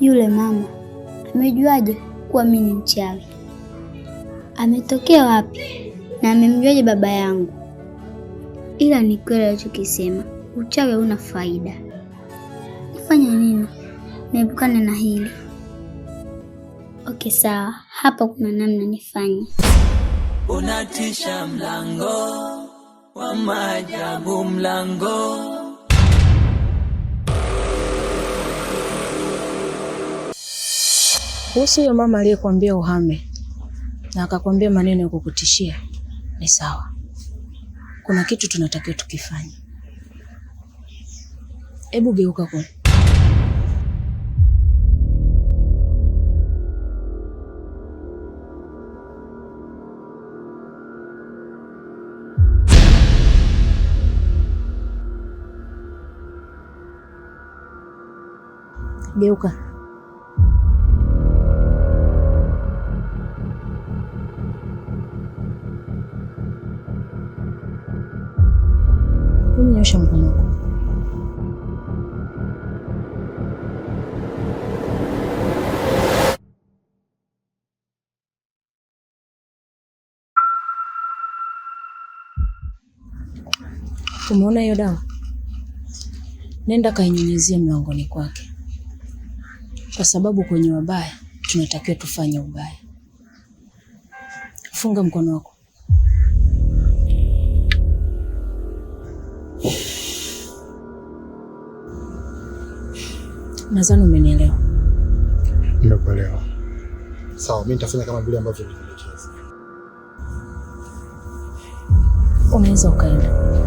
Yule mama amejuaje kuwa mimi ni mchawi? Ametokea wapi na amemjuaje baba yangu? Ila ni kweli alichokisema, uchawi hauna faida. Nifanye nini niepukane na hili? Okay, sawa, hapa kuna namna nifanye. Unatisha mlango wa maajabu, mlango Kuhusu huyo mama aliyekwambia uhame na akakwambia maneno ya kukutishia, ni sawa. Kuna kitu tunatakiwa tukifanye. Hebu geuka kwa geuka. Hebu nyosha mkono wako. Umeona hiyo dawa? Nenda kainyunyizie mlangoni kwake, kwa sababu kwenye wabaya tunatakiwa tufanye ubaya. Funga mkono wako. Nadhani umenielewa. Nimekuelewa. Sawa, mimi nitafanya kama vile ambavyo nilikuelekeza. Unaweza ukaenda.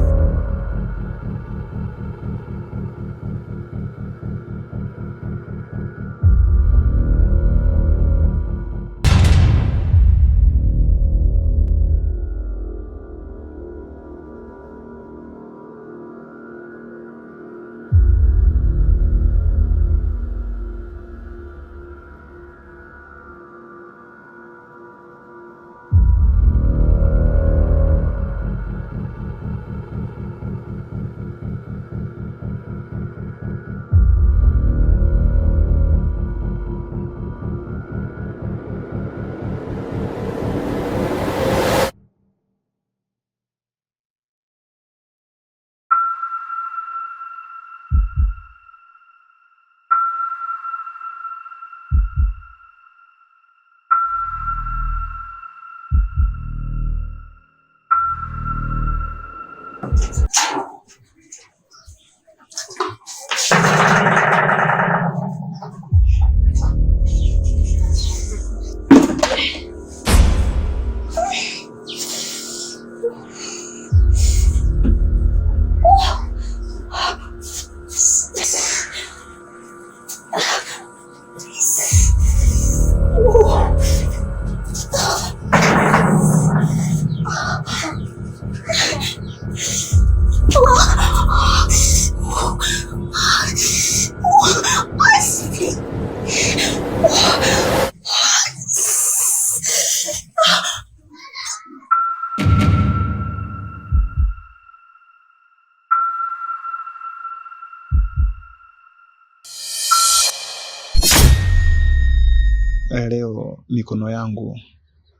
Eh, leo mikono yangu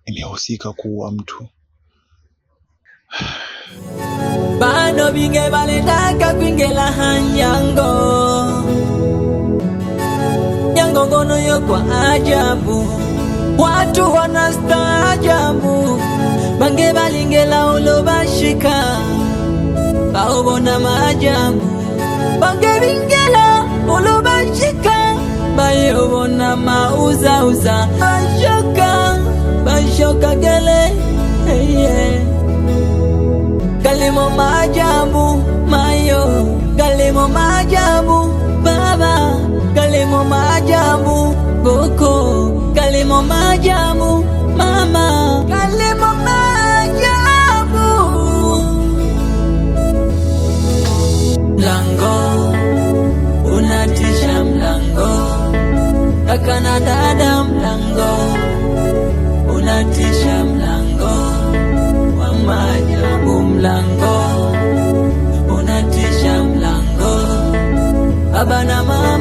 imehusika kuua mtu. bano binge baletaka kwingela ha nyango nyango ngono yo kwa ajabu watu wanastaajabu bange balingela ulo bashika maajabu bange bingela ulo bashika bayobona mauzauza bashoka bashoka gele hey, kalimo majabu mayo kalimo majabu baba kalimo majabu boko kalimo majabu Kaka na dada, mlango unatisha, mlango wa maajabu, mlango unatisha, mlango baba na mama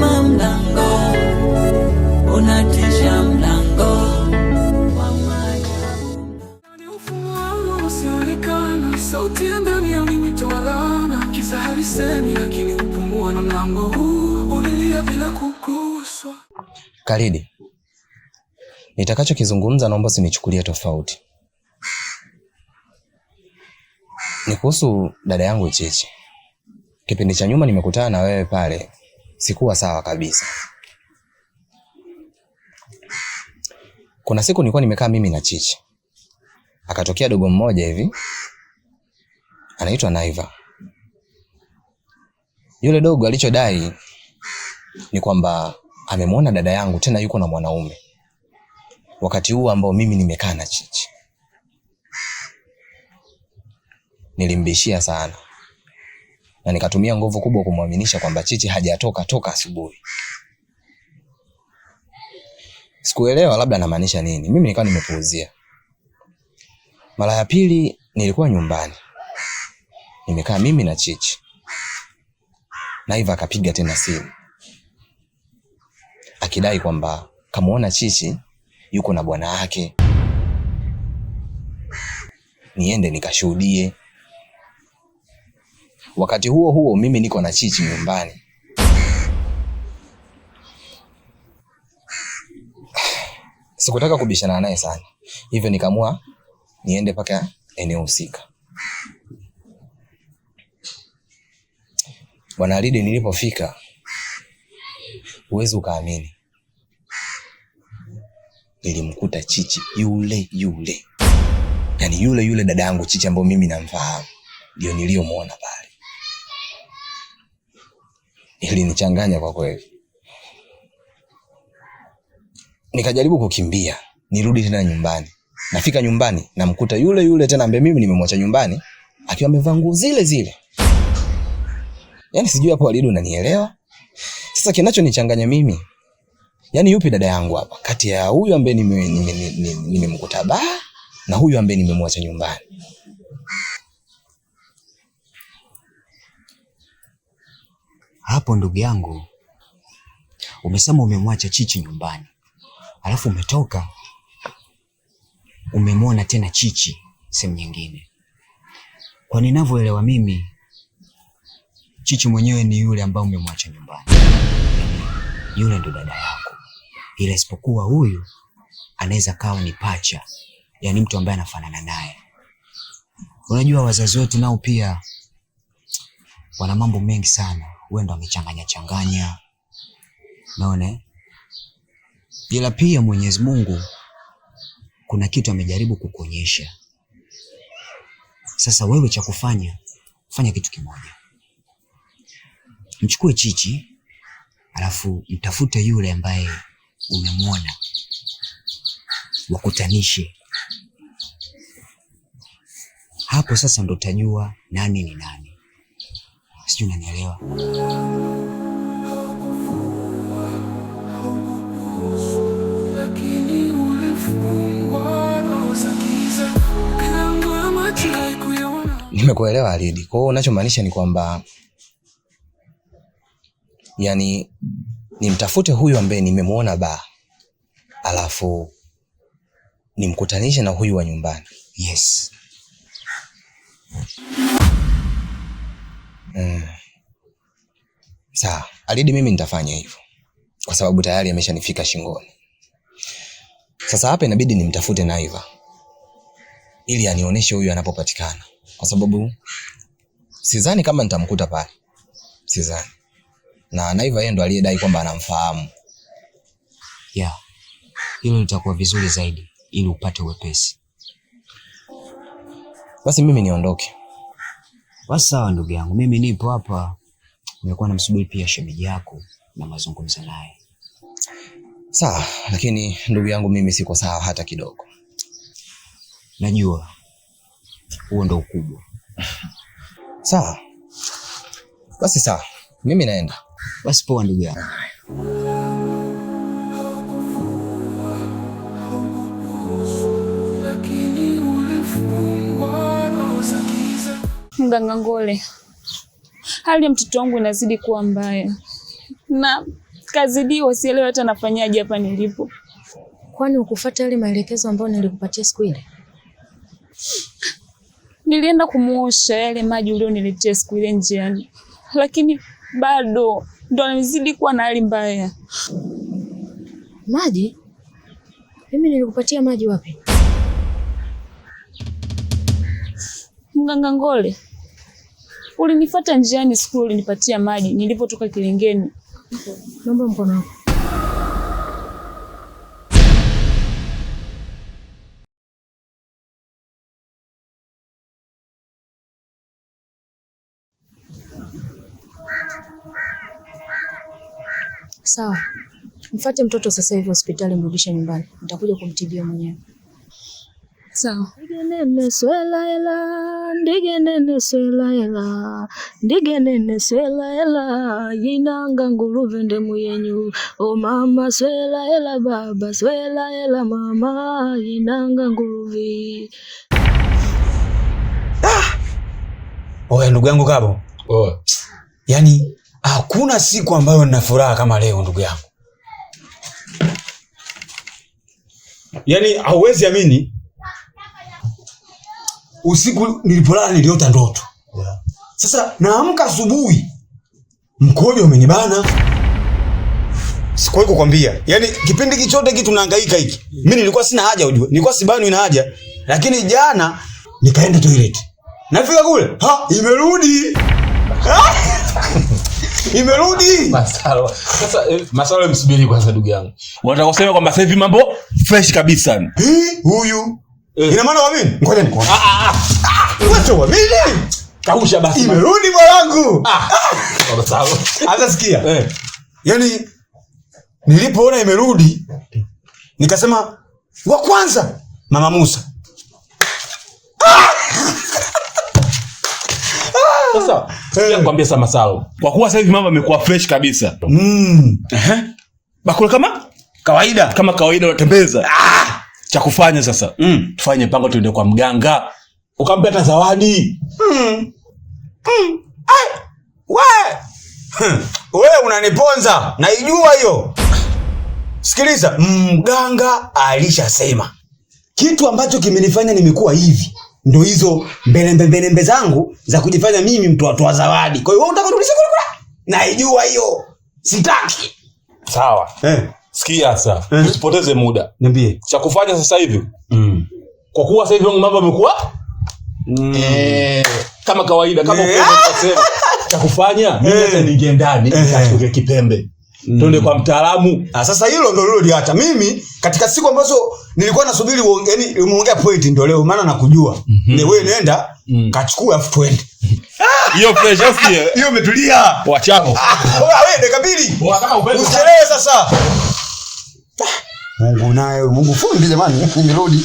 Karidi, nitakachokizungumza naomba usinichukulie tofauti. Ni kuhusu dada yangu Cheche. Kipindi cha nyuma nimekutana na wewe pale, sikuwa sawa kabisa. Kuna siku nilikuwa nimekaa mimi na Cheche, akatokea dogo mmoja hivi anaitwa Naiva. Yule dogo alichodai ni kwamba amemwona dada yangu tena yuko na mwanaume wakati huu ambao mimi nimekaa na Chichi. Nilimbishia sana na nikatumia nguvu kubwa kumwaminisha kwamba Chichi hajatoka toka asubuhi. Sikuelewa labda anamaanisha nini. Mimi nikawa nimepuuzia. Mara ya pili nilikuwa nyumbani, nimekaa mimi na Chichi, Naiva akapiga tena simu akidai kwamba kamwona Chichi yuko na bwana wake, niende nikashuhudie. Wakati huo huo mimi niko na Chichi nyumbani. Sikutaka kubishana naye sana, hivyo nikaamua niende mpaka eneo husika. Bwana Alidi, nilipofika huwezi ukaamini, nilimkuta Chichi yule yule, yani yule yule dada yangu Chichi ambayo mimi namfahamu ndio niliyomwona pale. Ilinichanganya kwa kweli, nikajaribu kukimbia nirudi tena nyumbani. Nafika nyumbani namkuta yule yule tena ambaye mimi nimemwacha nyumbani akiwa amevaa nguo zile zile. Yaani sijui hapo Walidu, unanielewa? Sasa kinachonichanganya mimi, yaani yupi dada yangu hapa kati ya huyu ambaye nimemkuta baa na huyu ambaye nimemwacha nyumbani? Hapo ndugu yangu, umesema umemwacha Chichi nyumbani, alafu umetoka umemwona tena Chichi sehemu nyingine. Kwa ninavyoelewa mimi, Chichi mwenyewe ni yule ambaye umemwacha nyumbani yule ndo dada yako, ila isipokuwa huyu anaweza kawa ni pacha, yaani mtu ambaye anafanana naye. Unajua wazazi wetu nao pia wana mambo mengi sana, wewe ndo amechanganya changanya, naone ila pia Mwenyezi Mungu kuna kitu amejaribu kukuonyesha. Sasa wewe cha kufanya, fanya kitu kimoja, mchukue Chichi alafu mtafute yule ambaye umemwona, wakutanishe hapo. Sasa ndo utajua nani ni nani, sijui unanielewa? Nimekuelewa Alidi. Kwa hiyo unachomaanisha ni kwamba yani nimtafute huyu ambaye nimemwona ba alafu nimkutanishe na huyu wa nyumbani. Yes. Mm. Sawa, Alidi, mimi nitafanya hivyo kwa sababu tayari ameshanifika shingoni. Sasa hapa inabidi nimtafute Naiva ili anionyeshe huyu anapopatikana, kwa sababu sidhani kama nitamkuta pale, sidhani na Naiva yeye ndo aliyedai kwamba anamfahamu. Yeah. Hilo litakuwa vizuri zaidi ili upate wepesi. Basi mimi niondoke. Basi sawa, ndugu yangu, mimi nipo hapa, nimekuwa namsubiri pia shemeji yako na mazungumzo naye. Sawa, lakini ndugu yangu, mimi siko sawa hata kidogo. Najua huo ndo ukubwa. Sawa basi, sawa, mimi naenda. Basi poa, ndugu yangu. Mganga Ngole, hali ya mtoto wangu inazidi kuwa mbaya na kazidi, wasielewe hata nafanyaje hapa nilipo. Kwani ukufuata yale maelekezo ambayo nilikupatia siku ile? Nilienda kumuosha yale maji ulioniletea siku ile njiani, lakini bado ndo anazidi kuwa na hali mbaya. Maji? Mimi nilikupatia maji wapi? Mganga Ngole, ulinifuata njiani siku ulinipatia maji nilipotoka Kilingeni. Naomba mkono wako. Sawa, mfate mtoto sasa hivi hospitali, mrudishe nyumbani, nitakuja kumtibia mwenyewe. Sawa. Ndige nene swela ela, ndige nene swela ela, ndige nene swela ela, yinanga nguruve ndemu yenyu. O mama swela ela, baba swela ela, mama yinanga nguruve. Ah! Oya ndugu yangu Kabo. Oya. Yaani Hakuna siku ambayo nina furaha kama leo, ndugu yangu. Yaani hauwezi amini, usiku nilipolala niliota ndoto yeah. Sasa naamka asubuhi mkojo umenibana, sikuwahi kukwambia. Yaani kipindi kichote hiki tunahangaika hiki, mi nilikuwa sina haja, ujue nilikuwa sibanu ina haja, lakini jana nikaenda toilet, nafika kule ha, imerudi imerudi Masalo. Sasa eh, Masalo, msubiri kwanza, ndugu yangu, unataka kusema kwamba sasa hivi mambo fresh kabisa huyu? Eh. Ina maana wapi Ngoja nikuone. Ah ah ah, wacha waamini kausha basi, imerudi mwanangu. Ah. ah, Masalo, hata sikia eh, yani nilipoona imerudi nikasema, wa kwanza mama Musa ah! ah! sasa Sijakwambia sama eh. Salum. Kwa kuwa sasa mama mambo fresh kabisa. Mm. Bakula kama kawaida. Kama kawaida unatembeza. Ah! Cha kufanya sasa. Mm. Tufanye mpango tuende kwa mganga. Ukampe hata zawadi. Mm. Mm. We. Hmm. unaniponza. Naijua hiyo. Sikiliza, mganga alishasema. Kitu ambacho kimenifanya nimekuwa hivi ndo hizo mbelembembelembe zangu za kujifanya mimi mtu watoa zawadi. Kwa hiyo wewe unataka nirudishe kule kule? Naijua hiyo, sitaki. Sawa eh. Sikia sasa, eh. Usipoteze muda, niambie cha kufanya sasa hivi mm. Kwa kuwa sasa hivi mambo yamekuwa mm. eh, kama kawaida kama yeah. Cha kufanya mimi yeah. Eh. Ningeenda ndani eh. nikachukue kipembe Mm. tuende kwa mtaalamu. Ah, sasa hilo ndio lilo liacha mimi katika siku ambazo nilikuwa nasubiri yani umeongea point ndio leo maana nakujua. Mhm. Ni wewe nenda mm. kachukua afu twende. Ah! Hiyo pressure sio Hiyo umetulia. Wachao. Ah, wewe dekabili. Unataka upende. Usielewe sasa. Ah, Mungu naye, Mungu fundi jamani, nirudi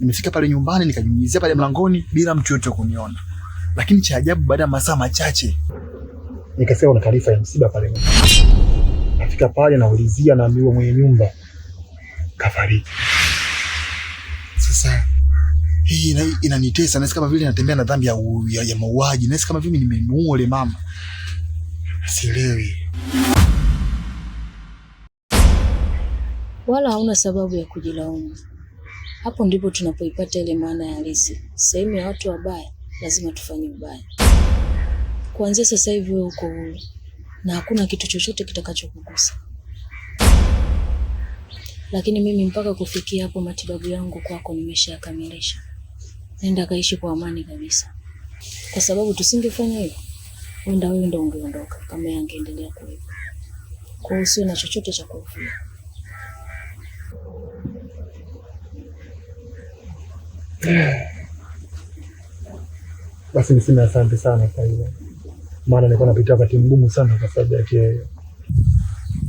Nimefika pale nyumbani nikajinyunyizia pale mlangoni bila mtu yote kuniona, lakini cha ajabu, baada ya masaa machache nikasikia kuna taarifa ya msiba pale. Nafika pale naulizia, naambiwa mwenye nyumba kafariki. Sasa hii inanitesa, nahisi kama vile natembea na dhambi ya, ya, ya mauaji. Nahisi kama vile nimemuua ile mama, sielewi wala hauna sababu ya kujilaumu. Hapo ndipo tunapoipata ile maana ya halisi. Sehemu ya watu wabaya, lazima tufanye ubaya. Kuanzia sasa hivi wewe uko huru na hakuna kitu chochote kitakachokugusa. Lakini mimi mpaka kufikia hapo, matibabu yangu kwako nimeshakamilisha. Nenda kaishi kwa amani kabisa, kwa sababu tusingefanya hivyo, wenda wewe ndo ungeondoka kama yangeendelea kuwepo. Kwa hiyo usio na chochote cha kuhofia. Basi niseme asante sana kwa hiyo, maana nilikuwa napitia wakati mgumu sana kwa sababu yake yeye,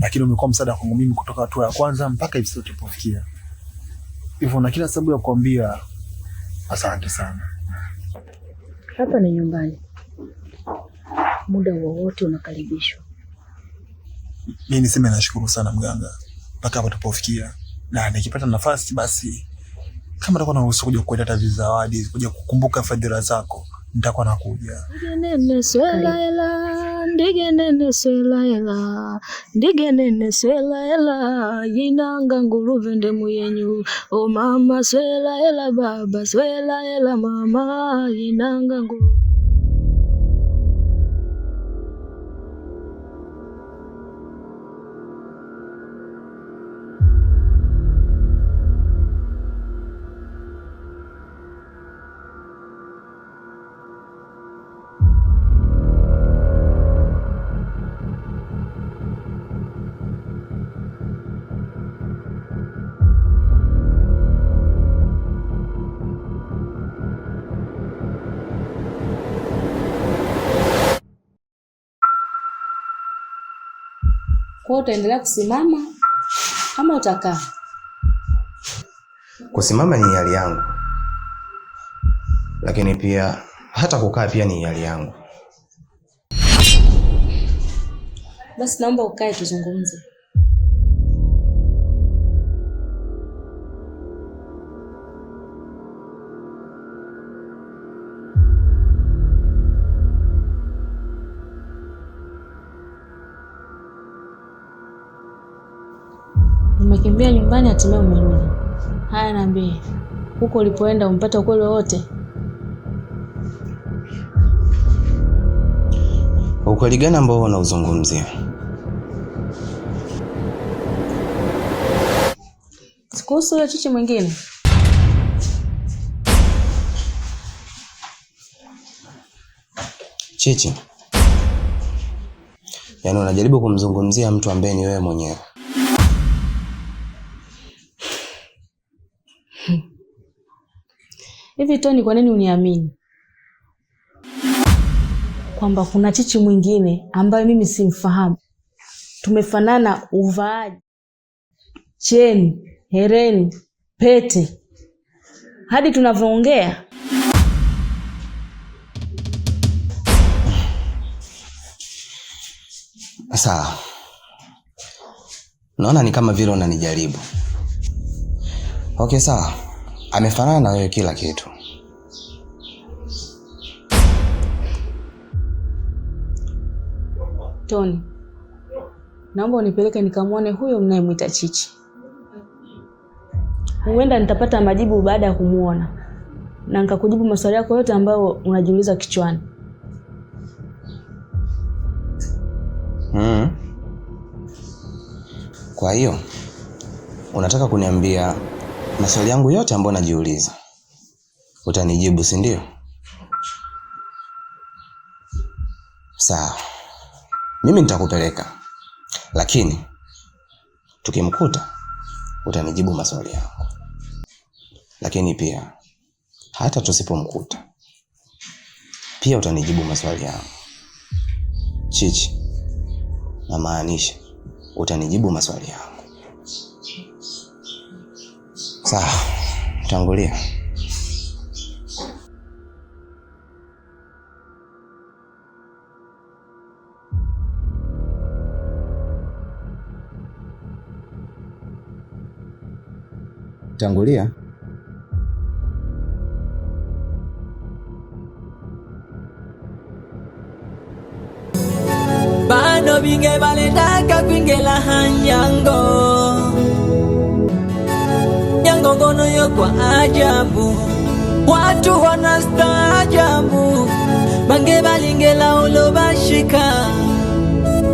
lakini umekuwa msaada kwangu mimi kutoka hatua ya kwanza mpaka hivi sasa tulipofikia. Hivyo na kila sababu ya kuambia asante sana. Hapa ni nyumbani, muda wowote unakaribishwa. Mimi niseme nashukuru sana mganga, mpaka hapa tulipofikia, na nikipata nafasi basi kama takuwa naruhusu kuja kukuletea tazi zawadi, kuja kukumbuka fadhila zako, nitakuwa nakuja. Ndege nene swela ela, ndege nene swela ela, ndege swela ela, yinanga nguruve ndemu yenyu. O mama swela ela, baba swela ela, mama inanga nguruve Kwa hiyo utaendelea kusimama ama utakaa? Kusimama ni hali yangu, lakini pia hata kukaa pia ni hali yangu. Basi naomba ukae tuzungumze. kukimbia nyumbani, hatimaye umerudi. Haya, niambie, huko ulipoenda umpata ukweli wowote? Ukweli gani ambao unauzungumzia? Kuhusu huyo chichi mwingine? Chichi? Yaani unajaribu kumzungumzia mtu ambaye ni wewe mwenyewe? Hivi Toni, kwa nini uniamini kwamba kuna Chichi mwingine ambayo mimi simfahamu? Tumefanana uvaaji, cheni, hereni, pete, hadi tunavyoongea Sawa, naona ni kama vile unanijaribu. Okay, sawa amefanana na wewe kila kitu. Toni, naomba unipeleke nikamwone huyo mnayemwita Chichi. Huenda nitapata majibu baada ya kumwona na nikakujibu maswali yako yote ambayo unajiuliza kichwani. Hmm. Kwa hiyo unataka kuniambia maswali yangu yote ambayo najiuliza utanijibu, si ndio? Sawa, mimi nitakupeleka, lakini tukimkuta utanijibu maswali yangu, lakini pia hata tusipomkuta pia utanijibu maswali yangu. Chichi, namaanisha utanijibu maswali yangu. Sawa, tangulia. Tangulia. bano binge baletaka kwingela hanyango moyo kwa ajabu, watu wanastaajabu, bange balingela ulo bashika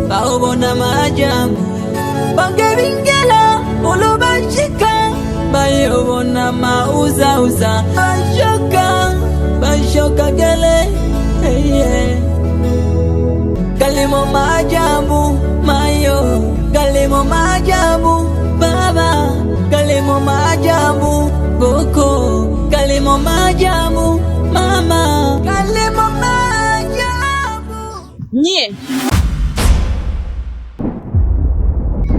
baobona maajabu, bange bingela ulo bashika bayobona mauzauza bashoka bashoka gele hey, kalimo maajabu mayo kalimo maajabu baba kalimo majabu Goko, kalimo majabu mama, kalimo majabu nye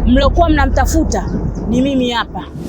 mlokuwa mnamtafuta ni mimi hapa.